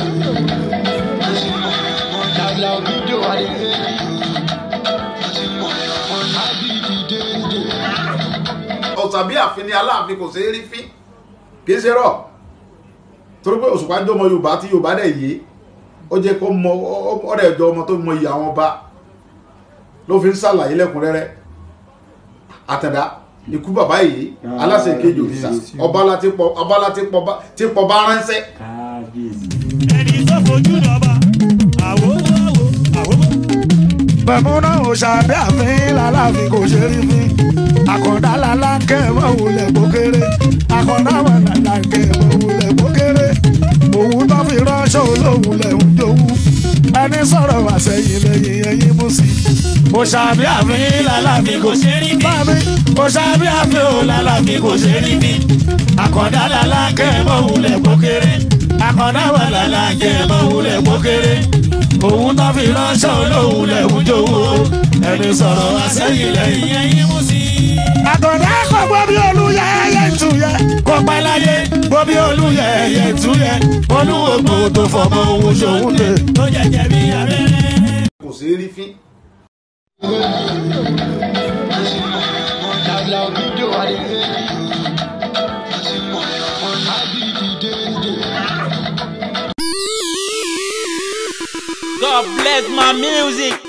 ọ̀tàbí àfin ni aláàfin kò ṣeé rí fín kì í ṣe rọ̀ torí pé òṣùpá jọmọ yorùbá tí yorùbá dẹ̀ yé ó jẹ́ kó mọ ọ̀rẹ́ ẹ̀jọ́ ọmọ tó mọ iye àwọn ọba ló fi ń ṣàlàyé lẹ́kùnrẹ́rẹ́ àtàdá ikú bàbá yìí aláṣẹ kejì òrìṣà ọba láti pọ̀ bá ránṣẹ́. kábíyèsí fojú dọba àwòwò àwò àwòwò. bẹ̀mú náà ò ṣàbẹ́ àfihàn lálàfin kò ṣe rí fi àkàndá lálá ń kẹ́ mọ́ wulẹ̀ kókéré àkàndá wà lálá mọ́ wulẹ̀ kókéré òun tó fi ránṣẹ́ olóhùn lẹ́hùn jówú ẹni sọ̀rọ̀ wà sẹ́yìn lẹ́yìn ẹyin mú sí. kò ṣàbí àfihàn lálàbí kò ṣe rí bí. bámi kò ṣàbí àfihàn lálàbí kò ṣe rí bí. àkàndá lálá mọ́ wulẹ̀ kókéré ọ̀dáwà làlà jẹ́ mọ́wulẹ̀ mọ́kéré òun tó fi ránṣẹ́ olóhùn lẹ́hùn jòwó ẹni sọ̀rọ̀ àṣẹ́yìn lẹ́yìn ẹ̀yìn mú sí. àkàndá kò gbọ́ bí olúyẹ ẹyẹ tù yẹ kó pẹ́ láyé gbọ́ bí olúyẹ ẹyẹ tù yẹ olúwògbò tó fọmọ ohun ṣòwò lè. tó jẹjẹ bí abẹ́rẹ́. kò sí rí fín. Dábìlà fídíò wà ní. God bless my music.